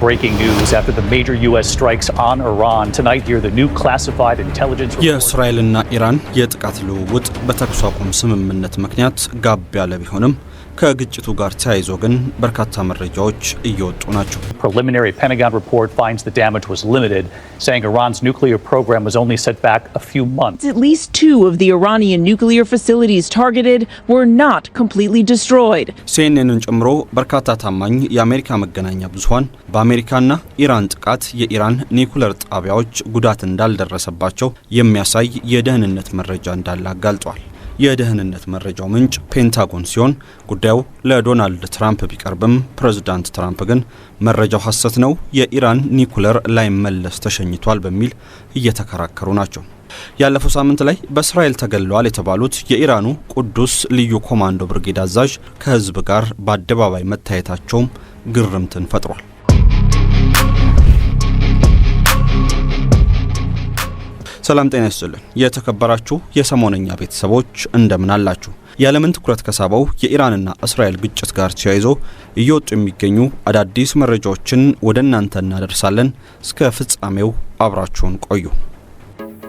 Breaking news after the major U.S. strikes on Iran tonight. Hear the new classified intelligence. የእስራኤልና ኢራን የጥቃት ልውውጥ በተኩስ አቁም ስምምነት ምክንያት ጋብ ያለ ቢሆንም ከግጭቱ ጋር ተያይዞ ግን በርካታ መረጃዎች እየወጡ ናቸው። Preliminary Pentagon report finds the damage was limited, saying Iran's nuclear program was only set back a few months. At least two of the Iranian nuclear facilities targeted were not completely destroyed. ሲኤንኤንን ጨምሮ በርካታ ታማኝ የአሜሪካ መገናኛ ብዙኃን በአሜሪካና ኢራን ጥቃት የኢራን ኒኩለር ጣቢያዎች ጉዳት እንዳልደረሰባቸው የሚያሳይ የደህንነት መረጃ እንዳለ አጋልጧል። የደህንነት መረጃው ምንጭ ፔንታጎን ሲሆን ጉዳዩ ለዶናልድ ትራምፕ ቢቀርብም ፕሬዝዳንት ትራምፕ ግን መረጃው ሐሰት ነው፣ የኢራን ኒኩለር መለስ ተሸኝቷል በሚል እየተከራከሩ ናቸው። ያለፈው ሳምንት ላይ በእስራኤል ተገለዋል የተባሉት የኢራኑ ቅዱስ ልዩ ኮማንዶ ብርጌድ አዛዥ ከህዝብ ጋር በአደባባይ መታየታቸውም ግርምትን ፈጥሯል። ሰላም ጤና ይስጥልን። የተከበራችሁ የሰሞነኛ ቤተሰቦች እንደምን አላችሁ? የዓለምን ትኩረት ከሳበው የኢራንና እስራኤል ግጭት ጋር ተያይዞ እየወጡ የሚገኙ አዳዲስ መረጃዎችን ወደ እናንተ እናደርሳለን። እስከ ፍጻሜው አብራችሁን ቆዩ።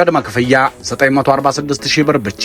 ቅድመ ክፍያ 946000 ብር ብቻ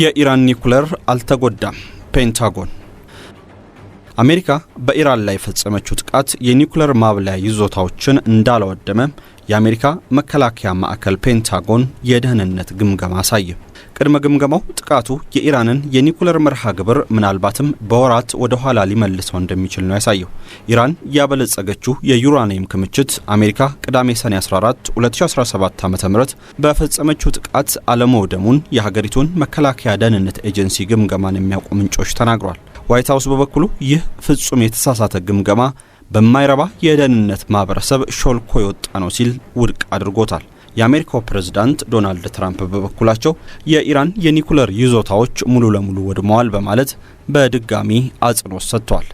የኢራን ኒኩለር አልተጎዳም። ፔንታጎን አሜሪካ በኢራን ላይ የፈጸመችው ጥቃት የኒኩለር ማብለያ ይዞታዎችን እንዳላወደመ የአሜሪካ መከላከያ ማዕከል ፔንታጎን የደህንነት ግምገማ አሳየ። ቅድመ ግምገማው ጥቃቱ የኢራንን የኒኩለር መርሃ ግብር ምናልባትም በወራት ወደ ኋላ ሊመልሰው እንደሚችል ነው ያሳየው። ኢራን ያበለጸገችው የዩራኒየም ክምችት አሜሪካ ቅዳሜ ሰኔ 14 2017 ዓ ም በፈጸመችው ጥቃት አለመውደሙን የሀገሪቱን መከላከያ ደህንነት ኤጀንሲ ግምገማን የሚያውቁ ምንጮች ተናግሯል። ዋይት ሀውስ በበኩሉ ይህ ፍጹም የተሳሳተ ግምገማ በማይረባ የደህንነት ማህበረሰብ ሾልኮ የወጣ ነው ሲል ውድቅ አድርጎታል። የአሜሪካው ፕሬዝዳንት ዶናልድ ትራምፕ በበኩላቸው የኢራን የኒኩለር ይዞታዎች ሙሉ ለሙሉ ወድመዋል በማለት በድጋሚ አጽንኦት ሰጥተዋል።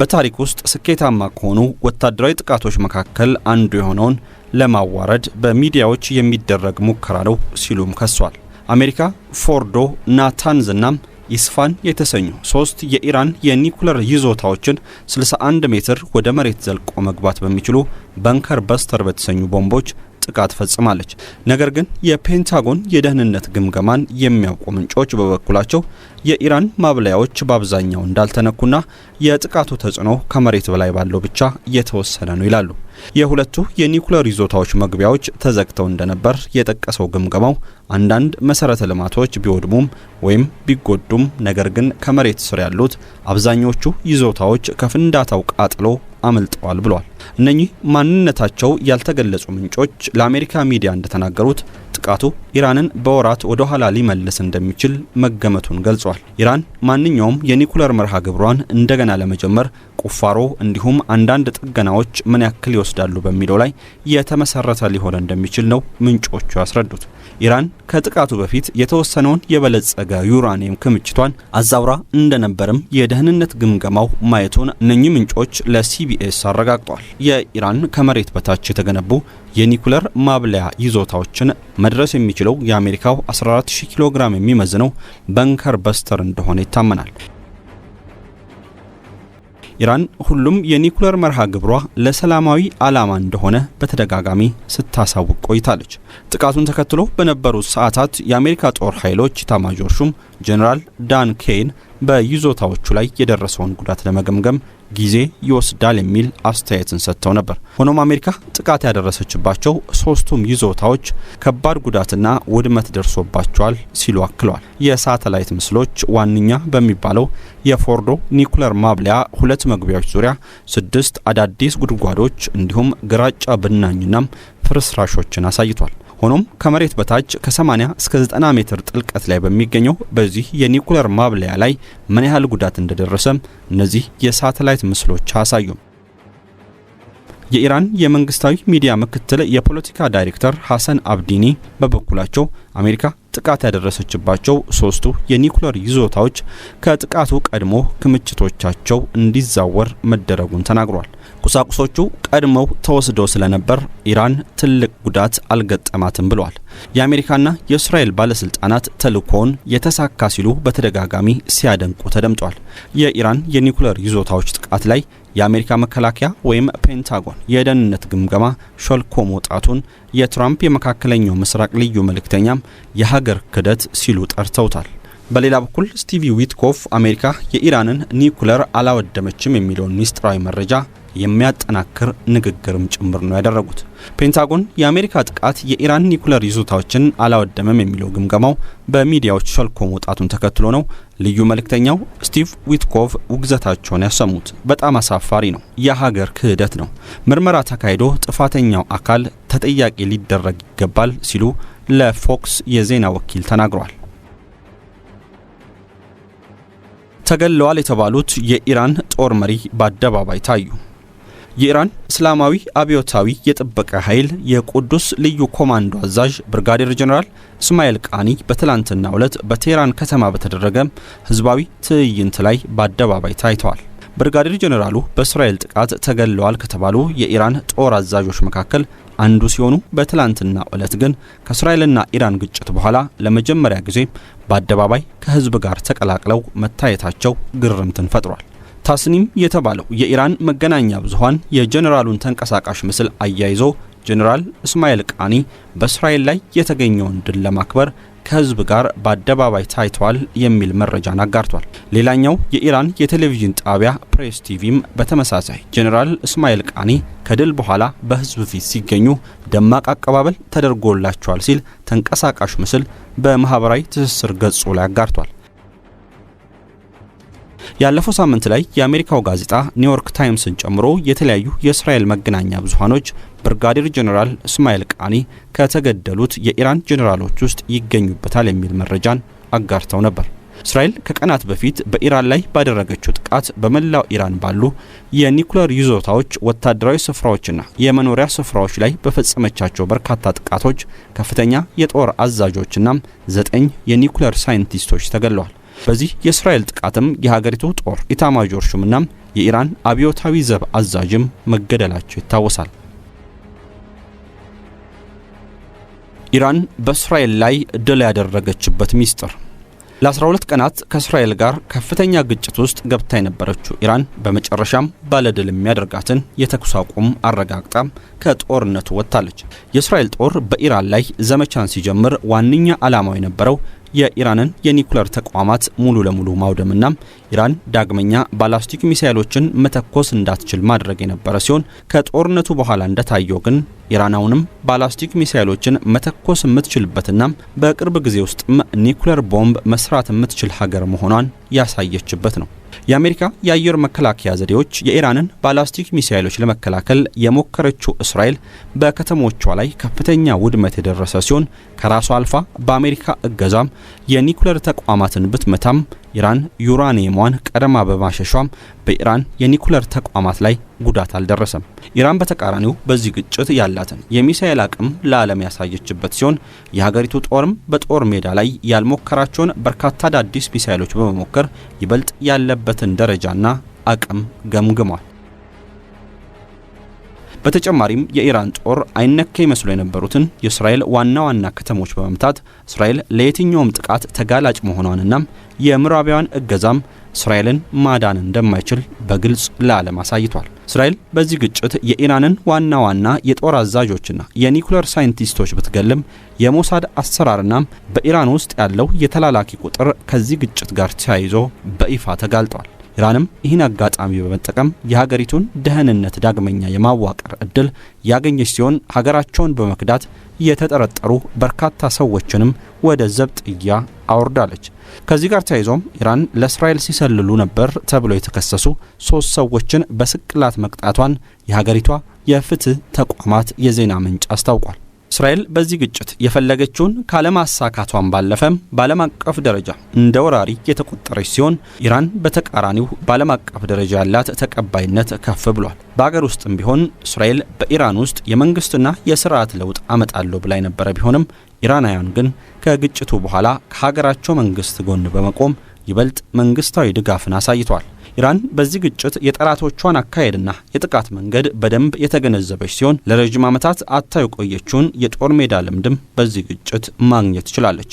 በታሪክ ውስጥ ስኬታማ ከሆኑ ወታደራዊ ጥቃቶች መካከል አንዱ የሆነውን ለማዋረድ በሚዲያዎች የሚደረግ ሙከራ ነው ሲሉም ከሷል። አሜሪካ ፎርዶ፣ ናታንዝናም ኢስፋን የተሰኙ ሶስት የኢራን የኒኩለር ይዞታዎችን 61 ሜትር ወደ መሬት ዘልቆ መግባት በሚችሉ በንከር በስተር በተሰኙ ቦምቦች ጥቃት ፈጽማለች። ነገር ግን የፔንታጎን የደህንነት ግምገማን የሚያውቁ ምንጮች በበኩላቸው የኢራን ማብለያዎች በአብዛኛው እንዳልተነኩና የጥቃቱ ተጽዕኖ ከመሬት በላይ ባለው ብቻ እየተወሰነ ነው ይላሉ። የሁለቱ የኒውክሌር ይዞታዎች መግቢያዎች ተዘግተው እንደነበር የጠቀሰው ግምገማው አንዳንድ መሰረተ ልማቶች ቢወድሙም ወይም ቢጎዱም፣ ነገር ግን ከመሬት ስር ያሉት አብዛኞቹ ይዞታዎች ከፍንዳታው ቃጥሎ አምልጠዋል ብሏል። እነኚህ ማንነታቸው ያልተገለጹ ምንጮች ለአሜሪካ ሚዲያ እንደተናገሩት ጥቃቱ ኢራንን በወራት ወደ ኋላ ሊመልስ እንደሚችል መገመቱን ገልጿል። ኢራን ማንኛውም የኒኩለር መርሃ ግብሯን እንደገና ለመጀመር ቁፋሮ፣ እንዲሁም አንዳንድ ጥገናዎች ምን ያክል ይወስዳሉ በሚለው ላይ የተመሰረተ ሊሆን እንደሚችል ነው ምንጮቹ ያስረዱት። ኢራን ከጥቃቱ በፊት የተወሰነውን የበለጸገ ዩራኒየም ክምችቷን አዛውራ እንደነበርም የደህንነት ግምገማው ማየቱን እነኚህ ምንጮች ለሲቢኤስ አረጋግጧል። የኢራን ከመሬት በታች የተገነቡ የኒኩለር ማብለያ ይዞታዎችን መድረስ የሚችለው የአሜሪካው 140 ኪሎ ግራም የሚመዝነው በንከር በስተር እንደሆነ ይታመናል። ኢራን ሁሉም የኒኩለር መርሃ ግብሯ ለሰላማዊ ዓላማ እንደሆነ በተደጋጋሚ ስታሳውቅ ቆይታለች። ጥቃቱን ተከትሎ በነበሩት ሰዓታት የአሜሪካ ጦር ኃይሎች ኢታማዦር ሹም ጄኔራል ዳን ኬይን በይዞታዎቹ ላይ የደረሰውን ጉዳት ለመገምገም ጊዜ ይወስዳል የሚል አስተያየትን ሰጥተው ነበር። ሆኖም አሜሪካ ጥቃት ያደረሰችባቸው ሶስቱም ይዞታዎች ከባድ ጉዳትና ውድመት ደርሶባቸዋል ሲሉ አክለዋል። የሳተላይት ምስሎች ዋነኛ በሚባለው የፎርዶ ኒኩለር ማብለያ ሁለት መግቢያዎች ዙሪያ ስድስት አዳዲስ ጉድጓዶች እንዲሁም ግራጫ ብናኝናም ፍርስራሾችን አሳይቷል። ሆኖም ከመሬት በታች ከ80 እስከ 90 ሜትር ጥልቀት ላይ በሚገኘው በዚህ የኒኩለር ማብለያ ላይ ምን ያህል ጉዳት እንደደረሰም እነዚህ የሳተላይት ምስሎች አሳዩም። የኢራን የመንግስታዊ ሚዲያ ምክትል የፖለቲካ ዳይሬክተር ሐሰን አብዲኒ በበኩላቸው አሜሪካ ጥቃት ያደረሰችባቸው ሶስቱ የኒኩለር ይዞታዎች ከጥቃቱ ቀድሞ ክምችቶቻቸው እንዲዛወር መደረጉን ተናግሯል። ቁሳቁሶቹ ቀድመው ተወስደው ስለነበር ኢራን ትልቅ ጉዳት አልገጠማትም ብሏል። የአሜሪካና የእስራኤል ባለስልጣናት ተልእኮውን የተሳካ ሲሉ በተደጋጋሚ ሲያደንቁ ተደምጧል። የኢራን የኒኩለር ይዞታዎች ጥቃት ላይ የአሜሪካ መከላከያ ወይም ፔንታጎን የደህንነት ግምገማ ሾልኮ መውጣቱን የትራምፕ የመካከለኛው ምስራቅ ልዩ መልእክተኛም የሀገር ክደት ሲሉ ጠርተውታል። በሌላ በኩል ስቲቪ ዊትኮፍ አሜሪካ የኢራንን ኒውክለር አላወደመችም የሚለውን ሚስጥራዊ መረጃ የሚያጠናክር ንግግርም ጭምር ነው ያደረጉት። ፔንታጎን የአሜሪካ ጥቃት የኢራን ኒውክለር ይዞታዎችን አላወደመም የሚለው ግምገማው በሚዲያዎች ሸልኮ መውጣቱን ተከትሎ ነው ልዩ መልእክተኛው ስቲቭ ዊትኮቭ ውግዘታቸውን ያሰሙት። በጣም አሳፋሪ ነው፣ የሀገር ክህደት ነው፣ ምርመራ ተካሂዶ ጥፋተኛው አካል ተጠያቂ ሊደረግ ይገባል ሲሉ ለፎክስ የዜና ወኪል ተናግሯል። ተገለዋል የተባሉት የኢራን ጦር መሪ በአደባባይ ታዩ። የኢራን እስላማዊ አብዮታዊ የጥበቀ ኃይል የቁዱስ ልዩ ኮማንዶ አዛዥ ብርጋዴር ጀኔራል እስማኤል ቃኒ በትላንትናው ዕለት በቴህራን ከተማ በተደረገ ህዝባዊ ትዕይንት ላይ በአደባባይ ታይተዋል። ብርጋዴር ጀኔራሉ በእስራኤል ጥቃት ተገለዋል ከተባሉ የኢራን ጦር አዛዦች መካከል አንዱ ሲሆኑ በትላንትና ዕለት ግን ከእስራኤልና ኢራን ግጭት በኋላ ለመጀመሪያ ጊዜ በአደባባይ ከህዝብ ጋር ተቀላቅለው መታየታቸው ግርምትን ፈጥሯል። ታስኒም የተባለው የኢራን መገናኛ ብዙኃን የጀኔራሉን ተንቀሳቃሽ ምስል አያይዞ ጀኔራል እስማኤል ቃኒ በእስራኤል ላይ የተገኘውን ድል ለማክበር ከህዝብ ጋር በአደባባይ ታይቷል የሚል መረጃን አጋርቷል። ሌላኛው የኢራን የቴሌቪዥን ጣቢያ ፕሬስ ቲቪም በተመሳሳይ ጄኔራል እስማኤል ቃኒ ከድል በኋላ በህዝብ ፊት ሲገኙ ደማቅ አቀባበል ተደርጎላቸዋል ሲል ተንቀሳቃሽ ምስል በማህበራዊ ትስስር ገጹ ላይ አጋርቷል። ያለፈው ሳምንት ላይ የአሜሪካው ጋዜጣ ኒውዮርክ ታይምስን ጨምሮ የተለያዩ የእስራኤል መገናኛ ብዙሃኖች ብርጋዴር ጀኔራል እስማኤል ቃኒ ከተገደሉት የኢራን ጀኔራሎች ውስጥ ይገኙበታል የሚል መረጃን አጋርተው ነበር። እስራኤል ከቀናት በፊት በኢራን ላይ ባደረገችው ጥቃት በመላው ኢራን ባሉ የኒኩሌር ይዞታዎች፣ ወታደራዊ ስፍራዎችና የመኖሪያ ስፍራዎች ላይ በፈጸመቻቸው በርካታ ጥቃቶች ከፍተኛ የጦር አዛዦችና ዘጠኝ የኒኩሌር ሳይንቲስቶች ተገለዋል። በዚህ የእስራኤል ጥቃትም የሀገሪቱ ጦር ኢታማዦር ሹምናም የኢራን አብዮታዊ ዘብ አዛዥም መገደላቸው ይታወሳል። ኢራን በእስራኤል ላይ ድል ያደረገችበት ሚስጥር ለ12 ቀናት ከእስራኤል ጋር ከፍተኛ ግጭት ውስጥ ገብታ የነበረችው ኢራን በመጨረሻም ባለድል የሚያደርጋትን የተኩስ አቁም አረጋግጣ ከጦርነቱ ወጥታለች። የእስራኤል ጦር በኢራን ላይ ዘመቻን ሲጀምር ዋነኛ ዓላማው የነበረው የኢራንን የኒኩለር ተቋማት ሙሉ ለሙሉ ማውደምና ኢራን ዳግመኛ ባላስቲክ ሚሳይሎችን መተኮስ እንዳትችል ማድረግ የነበረ ሲሆን ከጦርነቱ በኋላ እንደታየው ግን ኢራን አሁንም ባላስቲክ ሚሳይሎችን መተኮስ የምትችልበትና በቅርብ ጊዜ ውስጥም ኒኩለር ቦምብ መስራት የምትችል ሀገር መሆኗን ያሳየችበት ነው። የአሜሪካ የአየር መከላከያ ዘዴዎች የኢራንን ባላስቲክ ሚሳይሎች ለመከላከል የሞከረችው እስራኤል በከተሞቿ ላይ ከፍተኛ ውድመት የደረሰ ሲሆን ከራሷ አልፋ በአሜሪካ እገዛም የኒኩለር ተቋማትን ብትመታም ኢራን ዩራኒየሟን ቀደማ በማሸሿም በኢራን የኒኩለር ተቋማት ላይ ጉዳት አልደረሰም። ኢራን በተቃራኒው በዚህ ግጭት ያላትን የሚሳኤል አቅም ለዓለም ያሳየችበት ሲሆን የሀገሪቱ ጦርም በጦር ሜዳ ላይ ያልሞከራቸውን በርካታ አዳዲስ ሚሳኤሎች በመሞከር ይበልጥ ያለበትን ደረጃና አቅም ገምግሟል። በተጨማሪም የኢራን ጦር አይነካ ይመስሉ የነበሩትን የእስራኤል ዋና ዋና ከተሞች በመምታት እስራኤል ለየትኛውም ጥቃት ተጋላጭ መሆኗንና የምዕራባውያን እገዛም እስራኤልን ማዳን እንደማይችል በግልጽ ለዓለም አሳይቷል። እስራኤል በዚህ ግጭት የኢራንን ዋና ዋና የጦር አዛዦችና የኒኩለር ሳይንቲስቶች ብትገልም የሞሳድ አሰራርና በኢራን ውስጥ ያለው የተላላኪ ቁጥር ከዚህ ግጭት ጋር ተያይዞ በይፋ ተጋልጧል። ኢራንም ይህን አጋጣሚ በመጠቀም የሀገሪቱን ደህንነት ዳግመኛ የማዋቀር እድል ያገኘች ሲሆን ሀገራቸውን በመክዳት የተጠረጠሩ በርካታ ሰዎችንም ወደ ዘብጥያ አውርዳለች ከዚህ ጋር ተያይዞም ኢራን ለእስራኤል ሲሰልሉ ነበር ተብለው የተከሰሱ ሶስት ሰዎችን በስቅላት መቅጣቷን የሀገሪቷ የፍትህ ተቋማት የዜና ምንጭ አስታውቋል። እስራኤል በዚህ ግጭት የፈለገችውን ካለማሳካቷን ባለፈም በዓለም አቀፍ ደረጃ እንደ ወራሪ የተቆጠረች ሲሆን ኢራን በተቃራኒው በዓለም አቀፍ ደረጃ ያላት ተቀባይነት ከፍ ብሏል። በአገር ውስጥም ቢሆን እስራኤል በኢራን ውስጥ የመንግስትና የስርዓት ለውጥ አመጣለሁ ብላ የነበረ ቢሆንም ኢራናውያን ግን ከግጭቱ በኋላ ከሀገራቸው መንግስት ጎን በመቆም ይበልጥ መንግስታዊ ድጋፍን አሳይቷል። ኢራን በዚህ ግጭት የጠላቶቿን አካሄድና የጥቃት መንገድ በደንብ የተገነዘበች ሲሆን ለረዥም ዓመታት አታ የቆየችውን የጦር ሜዳ ልምድም በዚህ ግጭት ማግኘት ችላለች።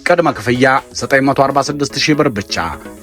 ቅድመ ክፍያ 946000 ሺህ ብር ብቻ